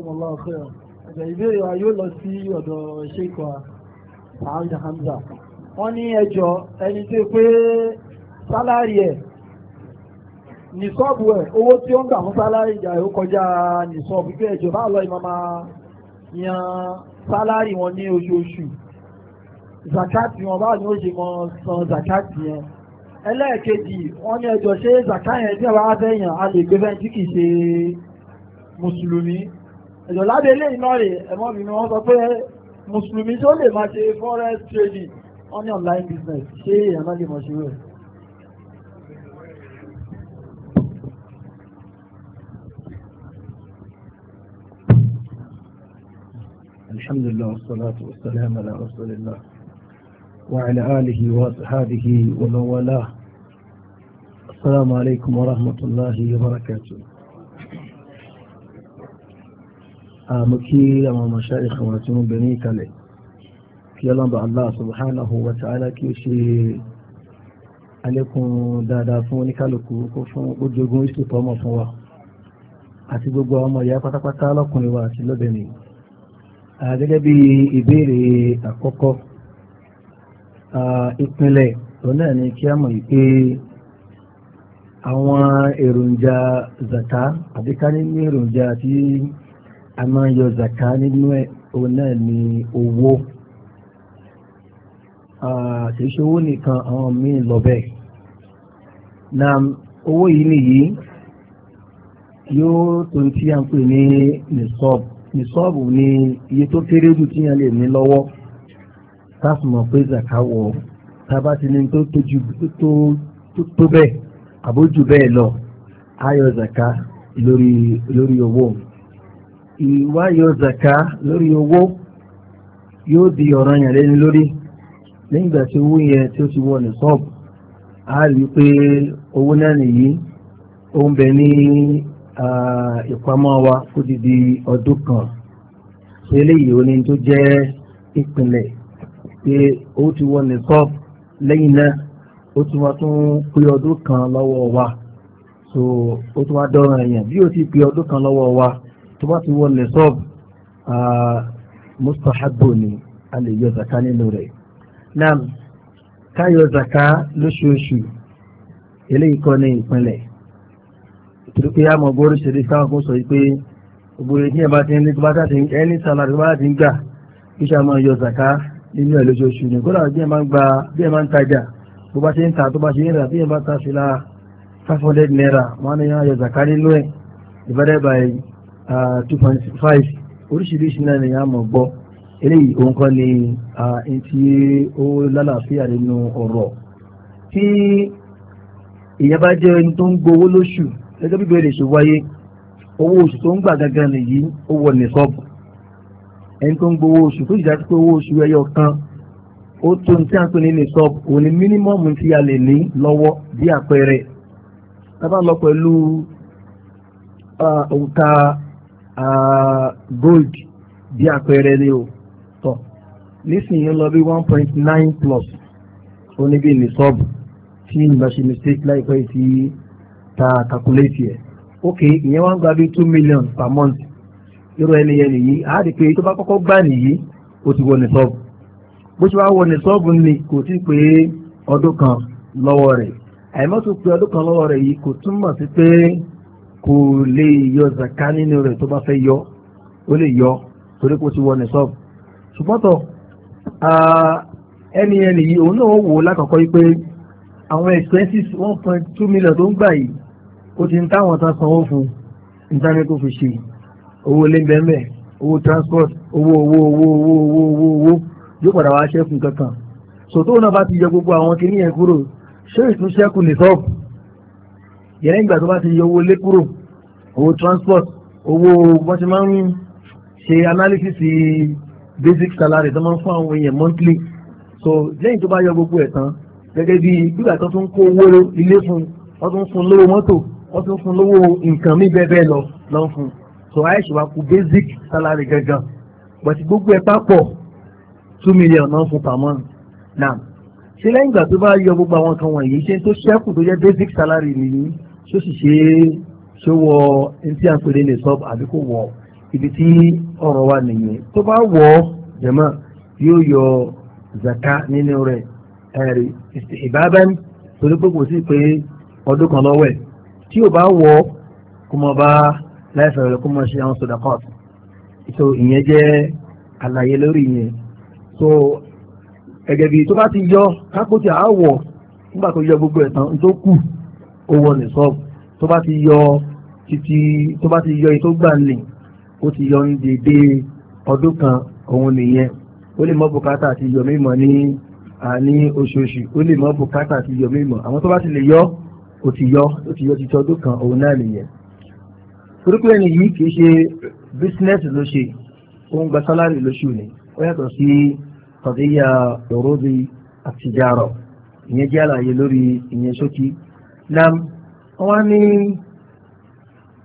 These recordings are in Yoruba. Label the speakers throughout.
Speaker 1: Jazakumullahu khairan ọ̀sẹ̀ ìbéèrè wa yóò lọ sí ọ̀dọ̀ ṣéèkọ̀ Ahmed Hamza wọ́n ní ẹjọ́ ẹni tó pé sálárì ẹ̀ ní sọ́ọ̀bù ẹ̀ owó tí ó ń gbà fún sálárì ìjà ẹ̀ ó kọjá ní sọ́ọ̀bù pé ẹjọ́ báwo lọ́ọ́ ìmọ̀ máa yan sálárì wọn ní oṣooṣù zakati wọn báwo ni ó ṣe mọ san zakati yẹn ẹlẹ́ẹ̀kejì wọ́n ní ẹjọ́ ṣé zakati yẹn tí wọ́n bá fẹ́ yàn a lè gbé fẹ́ntì kì í ṣe mùsùlùmí ẹ̀jọ̀ lábẹ́ ilé iná rè wọ́n sọ pé mùsùlùmí tó lè máa ṣe forex trading on the online business ṣé èèyàn náà lè mọ̀ ṣe rẹ̀. الحمد لله والصلاة والسلام على رسول الله وعلى آله وصحابه ومن والاه السلام عليكم ورحمة الله وبركاته àmọ́ kí àwọn ọmọọṣẹ́ ìkàwọn tí wọ́n bẹ̀rẹ̀ ìkàlẹ̀ kí ọlọ́mbà Allah subhanahu wa ta'ala kí ó ṣe alékún dáadáa fún oníkálukú kó fún ojogun ìṣètò ọmọ fún wa àti gbogbo ọmọ ìyá pátápátá lọ́kùnrin wa àti lóbìnrin gẹ́gẹ́ bí ìbéèrè àkọ́kọ́ ìpínlẹ̀ òun náà ni kí a mọ̀ pé àwọn èròjà zata àbíká ní èròjà tí a máa ń yọ zaka nínú ẹ̀ òun náà ni owó kì í ṣe owó nìkan àwọn míì lọ bẹ́ẹ̀ na owó yìí nìyí yóò tó tí a ń pè ní nisọ́ọ̀bù nisọ́ọ̀bù ni iye tó kéré jù tíyan lè ní lọ́wọ́ táàfù mọ̀ pé zaka wọ̀ tábà ti ní tó tó bẹ́ẹ̀ àbójú bẹ́ẹ̀ lọ ayọ̀ zaka lórí lórí owó mi ìwáyọ zaka lórí owó yóò di ọ̀ràn yàn lẹ́ni lórí lẹ́yìn ìgbà tí owó yẹn tí ó ti wọ ní sọ́ọ̀bù a rí pé owó náà nìyí ó ń bẹ ní ìpamọ́ wa ó ti di ọdún kan eléyìí ó ní tó jẹ́ ìpìlẹ̀ pé ó ti wọ ní lẹ́yìn náà ó tún wá tún pé ọdún kan lọ́wọ́ wa so ó tún wá dọ́ràn yàn bí ó ti pé ọdún kan lọ́wọ́ wa tó bá ti wọlé sọ́ọ̀bù mustahabu ni a lè yọ zaka nínú rẹ̀ náà ká yọ zaka lóṣooṣù eléyìí kọ́ ní ìpínlẹ̀ torí pé gbórí ṣeré sáwọn kò sọ pé òbúrò ní ẹ̀bá ti ń lé gbọ́dá ti ẹni sàlàrí wá ti ń gbà kí ṣe yọ zaka nínú ẹ̀ lóṣooṣù ni kódà bí ẹ máa ń gba bí ẹ máa ń tajà bó bá ṣe ń ta tó bá ṣe ń rà bí ẹ bá ta ṣe la five hundred naira wọn á ní yọ zaka nínú ẹ̀ ìbẹ̀rẹ̀ báyìí Ah, two point five oríṣiríṣi náà ni a mọ̀ gbọ́ eléyìí òun kan ni ẹntì ah, ó lálàáfíà nínú ọ̀rọ̀ tí èèyàn bá jẹ́ ẹni tó ń gbowó lóṣù gẹ́gẹ́ bí bẹ́ẹ̀ lè ṣe wáyé owó oṣù tó ń gbà gangan nìyí ó wọ ní sọ́ọ̀bù ẹni tó ń gbowó oṣù tó sì dájú pé owó oṣù ẹyọ kan ó tó ní tí a ń pè ní ní òun ni mínímọ́ọ̀mù tí a lè ní lọ́wọ́ bí àpẹẹrẹ tá lọ pẹ̀lú ah, òǹkà gold bí àpẹẹrẹ ni o tọ nísìnyí lọ bí one point nine plus ó ní bí tí ìgbà mistake láìpẹ́ ta calculate yẹ ok ìyẹn wá ń gba two million per month irú ẹni yẹn nìyí á rí pé tó bá kọ́kọ́ gbà nìyí ó ti wọ nìsọ́ọ̀bù bó ṣe wá wọ ni kò tí ì pé ọdún kan lọ́wọ́ rẹ̀ àìmọ́tò pé ọdún kan lọ́wọ́ rẹ̀ yìí kò túmọ̀ sí kò lè yọ zaka nínú rẹ̀ tó bá fẹ́ yọ ó lè yọ torí kò ti wọ nìsọ́b ṣùgbọ́tọ̀ ẹni ẹni yìí òun náà wò lákọ̀ọ́kọ́ yìí pé àwọn expenses one point two million tó ń gbà yìí ó ti ń táwọn tán sanwó fún nítorí kò fi ṣe owó lẹ́gbẹ̀ẹ́mẹ̀ owó transport owó owó owó owó owó owó owó yóò padà wá ṣẹ́kù kankan sòtó náà bá ti yọ gbogbo àwọn kìnìyàn kúrò ṣé ìtúnṣẹ́kù nìsọ́ọ̀bù yẹn nígbà tó bá ti yọ owó lé kúrò owó transport owó bọ́n ṣe máa ń ṣe analysis basic salary tó máa ń fún àwọn èèyàn monthly so lẹ́yìn tó bá yọ gbogbo ẹ̀ tán gẹ́gẹ́ bí gbígbà tó tún kó owó ilé fún wọ́n tún fún lówó mọ́tò wọ́n tún fún lówó nǹkan mí bẹ́ẹ̀ bẹ́ẹ̀ lọ lọ́n fún so àìsàn wa kú basic salary gangan bọ̀tí gbogbo ẹ̀ papọ̀ two million náà fún per month now ṣe lẹ́yìn ìgbà tó bá yọ gbogbo àwọn nǹkan wọ̀nyí ṣe tó ṣẹ́kù tó jẹ́ basic salary nìyí tó sì ṣe é ṣé wọ ntí à ń pè ní sọ́ọ̀bù àbí kò wọ̀ ibi tí ọ̀rọ̀ wà nìyẹn tó bá wọ̀ jẹ̀mọ́ yóò yọ zaka nínú rẹ̀ ẹ̀rí ìbábẹ́ torí pé kò sí pé ọdún kan lọ́wọ́ ẹ̀ tí ò bá wọ̀ kó mọ bá láìfẹ̀ rẹ̀ kó mọ ṣe àwọn soda court so ìyẹn jẹ́ àlàyé lórí ìyẹn so gẹ́gẹ́ bí tó bá ti yọ kákòtì àwọ̀ nígbà tó yọ gbogbo ẹ̀ tán tó kù ó ní sọ́ọ̀bù tó bá ti yọ títí tó bá ti yọ èyí tó gbà nílẹ̀ ó ti yọ ní dédé ọdún kan òun nìyẹn ó lè mọ bùkátà àti yọ mímọ ní àní oṣooṣù ó lè mọ bùkátà àti yọ mímọ àwọn tó bá ti lè yọ ó ti yọ ó ti yọ títí ọdún kan òun náà nìyẹn torípé ẹni yìí kì í ṣe bísínẹ́sì ló ṣe òun gba sálárì lóṣù ni ó yàtọ̀ sí kọ̀díyà òróbi àtijárọ̀ ìyẹn jẹ́ àlàyé lórí ìyẹn ṣókí. nam wọ́n ní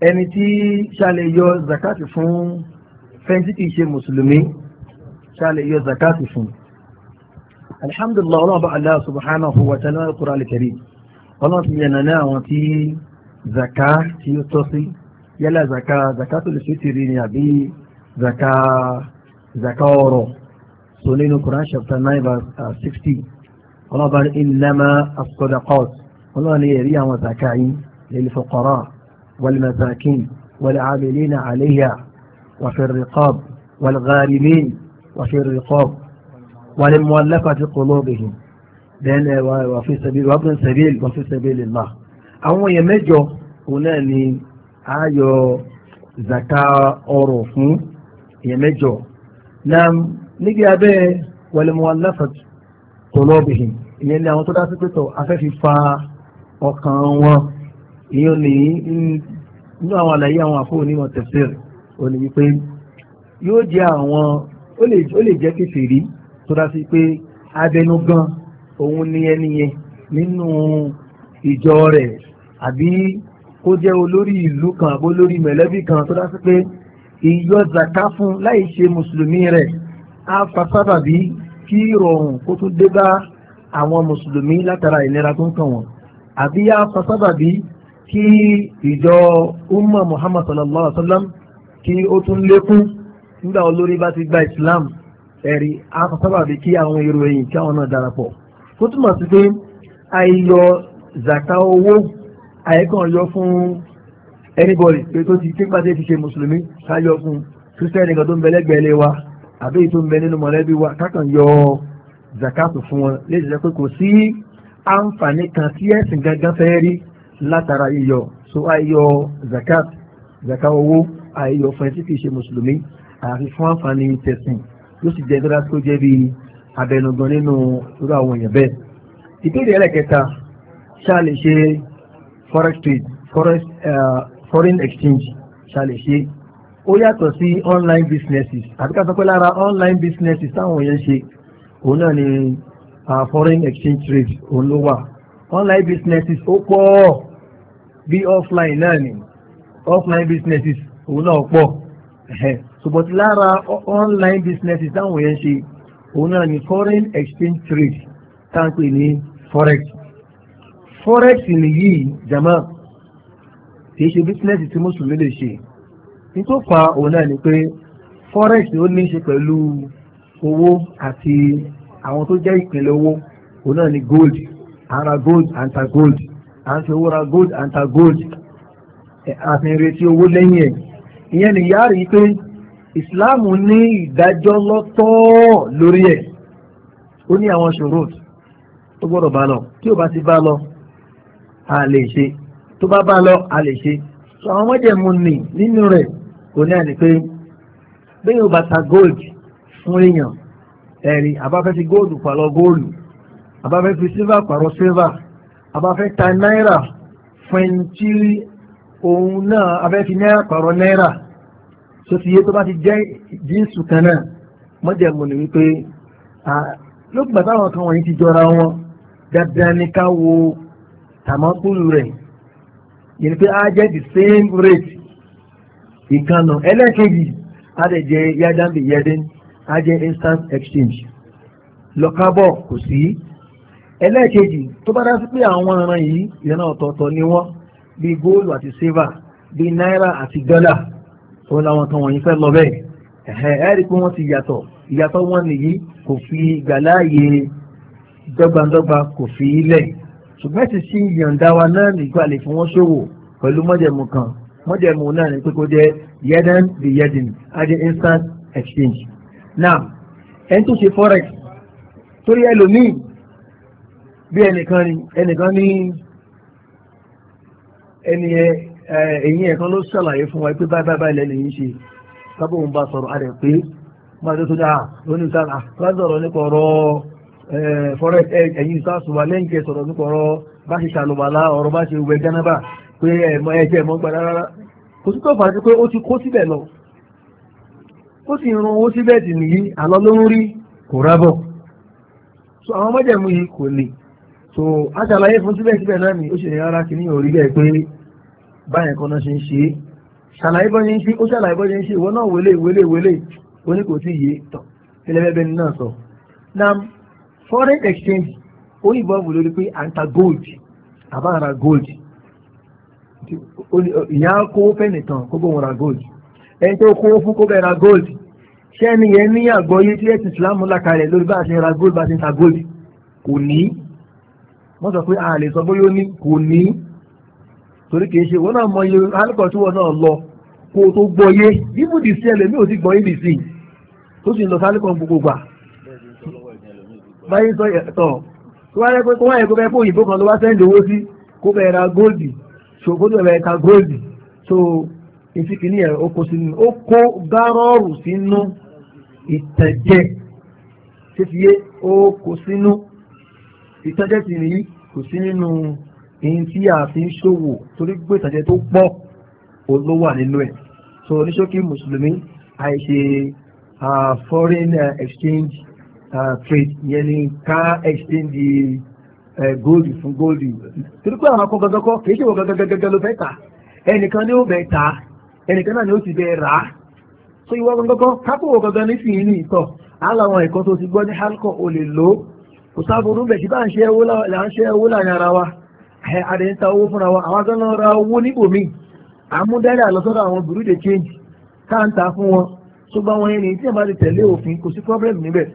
Speaker 1: ẹni tí ṣàlẹ̀ yọ zakati fún fẹ́ntì kìí ṣe mùsùlùmí ṣàlẹ̀ yọ zakati fún alhamdulillah ọlọ́ọ̀bá Allah subhanahu wa ta'ala al-Qur'an al-Karim ọlọ́ọ̀ ti yànnà ní àwọn tí zaka tí ó tọ́ sí yálà zaka zakatul fitri ni àbí zaka zaka ọrọ̀ so nínú Qur'an chapter nine verse uh, sixty ọlọ́ọ̀bá innama as-sadaqat ọlọ́ọ̀ ni ẹ̀rí àwọn zaka yìí lil fuqara والمساكين والعاملين عليها وفي الرقاب والغارمين وفي الرقاب والمؤلفة قلوبهم وفي سبيل وابن سبيل وفي سبيل الله àwọn èèyàn mẹ́jọ òun náà ni ayọ zaka ọrọ̀ fún èèyàn mẹ́jọ náà níbi abẹ́ wal-mu'allafat qulubihim ìyẹn ni àwọn tó dá sí pé tọ̀ afẹ́fífa ọkàn wọn ìyẹn ní inú àwọn àlàyé àwọn àfọ onímọ̀ tafsir ò wípé yóò jẹ́ àwọn ó lè jẹ́ kèfèrí tó dá sí pé abẹnugan òun ni ẹni yẹn nínú ìjọ rẹ̀ àbí kó jẹ́ olórí ìlú kan àbó olórí mẹ̀lẹ́bí kan tó dá sí pé ìyọ zaka fún láì ṣe mùsùlùmí rẹ̀ á fa sábàbí kí ìrọ̀rùn kó tún dé bá àwọn mùsùlùmí látara ìlera tó ń kàn wọ́n àbí á kí ìjọ umma muhammad sallallahu alaihi wa sallam kí ó tún lékún nígbà olórí bá ti gba islam ẹ̀rí afọ́sábàbí kí àwọn èrò ẹ̀yìn kí àwọn náà darapọ̀ tó túmọ̀ sí pé àìyọ zaka owó àìkàn yọ fún anybody pé tó ti pípa tí ti ṣe mùsùlùmí ká yọ fún kírísítẹ́nì kan tó ń bẹ lẹ́gbẹ̀ẹ́ lé wa àbí tó ń bẹ nínú mọ̀lẹ́bí wa kákan yọ zakatu fún wọn lè jẹ́ pé kò sí àǹfààní kan tí ẹ̀sìn gangan fẹ́ rí látara yíyọ so àyọ zakat zakat owó àyọ fún ẹ tí kìí ṣe mùsùlùmí àfi fún àǹfààní tẹ̀sìn yóò sì jẹ́ dára tó jẹ́ bí abẹnugan nínú irú àwọn èèyàn bẹ́ẹ̀. ìbéèrè ẹlẹ́kẹta ṣá ṣe forex trade forex eh, foreign exchange ṣá lè ṣe ó yàtọ̀ sí online businesses àti ká sọ pé lára online businesses táwọn èèyàn ṣe òun náà ni ah, foreign exchange trade òun ló wà online businesses ó pọ̀ ọ́ bí offline náà ni offline businesses òun náà pọ̀ ṣùgbọ́n lára online businesses táwọn yẹn ṣe òun náà ni foreign exchange trade táǹpì ní forex forex nìyí jama kìí ṣe business tí mùsùlùmí lè ṣe nítorí fa òun náà ni pé forex ó ní í ṣe pẹ̀lú owó àti àwọn tó jẹ́ ìpínlẹ̀ owó òun náà ni gold ara gold and ta gold à ń fi owó ra gold à ta gold àfi retí owó lẹ́yìn ẹ̀ ìyẹn nìyá rí pé Islam ní ìdájọ́ lọ́tọ̀ lórí ẹ̀ ó ní àwọn ṣòro tó gbọ́dọ̀ bá lọ tí ò bá ti bá lọ a lè ṣe tó bá bá lọ a lè ṣe so àwọn mọ́jẹ̀mú nì nínú rẹ̀ kò ní àní pé bẹ́ẹ̀ ò bá ta gold fún èèyàn ẹ̀rí àbáfẹ́ fi góòlù pàlọ́ góòlù àbáfẹ́ fi silver pàrọ̀ silver àbáfẹ́ ta náírà fún ẹni tí òun náà abẹ́ fi náírà pààrọ̀ náírà tó ti yé tó bá ti jẹ́ jíǹsù kan náà mọ́jẹ̀mú ni wípé lókùnbà táwọn kan wọ̀nyí ti jọra wọn dandan ni ká wo tàmọ́kùlù rẹ̀ yìí ni pé á jẹ́ the same rate ìkànnà ẹlẹ́kejì á dẹ̀ jẹ́ yádàmbì yẹ́dẹ́n á jẹ́ instant exchange lọ́kábọ̀ kò sí ẹlẹ́ẹ̀kejì tó bá dá sí pé àwọn ọ̀ràn yìí ìran ọ̀tọ̀ọ̀tọ̀ ni wọ́n bíi góòlù àti sílvà bíi náírà àti dọ́là òun làwọn kan wọ̀nyí fẹ́ lọ bẹ́ẹ̀ ẹ̀hẹ́ ẹ́ rí i pé wọ́n ti yàtọ̀ ìyàtọ̀ wọn nìyí kò fi gbàláàyè dọ́gbandọ́gba kò fi ilẹ̀ ṣùgbọ́n ti sí ìyọ̀ǹda wa náà nígbà lè fi wọ́n ṣòwò pẹ̀lú mọ́jẹ̀mú kan mọ́jẹ̀mú náà ní pé kó jẹ́ yẹ́dẹ́n bí yẹ́dìn adé instant exchange. now ẹni tó ṣe forex torí ẹlòmíì bí ẹnìkan ni ẹnìkan ní ẹni ẹ̀yìn ẹ̀kan ló ṣàlàyé fún wa pé báyìí báyìí lẹ́nu yìí ṣe sábà òun bá sọ̀rọ̀ adẹ̀ pé máa tó tó dáa lónìí sáà lásọ̀rọ̀ nípa ọ̀rọ̀ fọ́rẹ́ ẹ̀yìn sáàsùwà lẹ́yìn ọrọ sọ̀rọ̀ nípa ọ̀rọ̀ bá ṣe ṣàlùbàlá ọ̀rọ̀ bá ṣe wẹ̀ gánábà pé ẹ̀jẹ̀ mọ́ gbà rárá kò sí sí pé ó ti kó síbẹ̀ lọ ó sì ń síbẹ̀ so aṣàlàyé fún síbẹ̀síbẹ̀ náà ni ó ṣe rárá kí ní orí bẹ́ẹ̀ pé báyẹn kan náà ṣe ń ṣe é ṣàlàyé bọ́ ṣe ń ṣe ó ṣàlàyé bọ́ ṣe ń ṣe ìwọ náà wọlé wọlé wọlé ó ní kò tí ì yé tọ̀ ilẹ̀bẹ̀bẹ̀ ni náà sọ. na foreign exchange ó ní bọ́ọ̀bù lórí pé à ń ta gold àbá ra gold ìyá kówó fẹ́ẹ̀nì tán kó bóun ra gold ẹni tó kówó fún kó bẹ́ẹ̀ ra gold ṣẹ́ni yẹn ní àgbọ́yé tí ẹ̀sìn Islam là kalẹ̀ lórí bá gold bá a gold kò wọ́n sọ pé a lè sọ bóyá ó ní kò ní torí kìí ṣe wọ́n náà mọ iye alùpùpù tí wọ́n náà lọ kó o tó gbọ́ yé ibù dì sí ẹlẹ́mí ò ti gbọ́ ibì sí tó sì ń lọ sálùpùpù gbogbo gbà báyìí sọ ẹ̀tọ́ tó wáyé pé kó wáyé kó bẹ́ẹ̀ kó òyìnbó kan ló wá sẹ́ńdì owó sí kó bẹ́ẹ̀ ra góòdì so kó tó bẹ́ẹ̀ ta góòdì so ìfikìní ẹ̀ ó kó sínú ó kó gárọ́ọ̀rù sínú ìtẹ̀jẹ́ ṣé ti yé ó kó sínú ìtajà sì ní kò sí nínú èyí tí a fi ń ṣòwò torí pé ìtajà tó pọ̀ olówó nínú ẹ̀ so oníṣókí mùsùlùmí àìṣe foreign eh, exchange trade yẹn ni ká exchange eh, góòlù fún góòlù torí pé àwọn akọ́gọ́gọ́kọ́ kì í ṣe wọ́n gẹ́gẹ́gẹ́gẹ́ ló fẹ́ tà ẹnìkan ni ó bẹ̀ tà ẹnìkan náà ni ó ti bẹ̀ rà á so ìwọ gọ́gọ́gọ́ kápò wọ́n gọ́gọ́ nísìnyí ní ìtọ̀ á ẹ̀kọ́ tó ti gbọ́ ní halkọ́ o lè lò ó kò sáàbùrú bẹ̀ tí bá ń ṣe owó láàrin ara wa àdé ń ta owó fúnra wa àwọn agbọ́nà ra owó níbòmí àmúdárí àlọ́sọ́dọ̀ àwọn burú de change káàntà fún wọn tó bá wọn ẹni tí wọn bá ti tẹ̀lé òfin kò sí problem níbẹ̀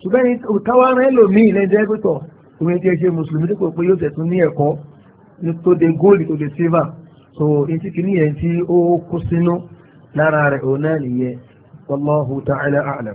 Speaker 1: ṣùgbọ́n káwá rẹ̀ lòmíì lẹ́jẹ́ pẹ̀tọ̀ òun ti ṣe mùsùlùmí dípò pé yóò tẹ̀tún ní ẹ̀kọ́ tó de gold tó de silver so etí kìíní yẹn tí ó kó sínú lára rẹ̀ òun náà nìyẹn wallahu ta'ala a'lam.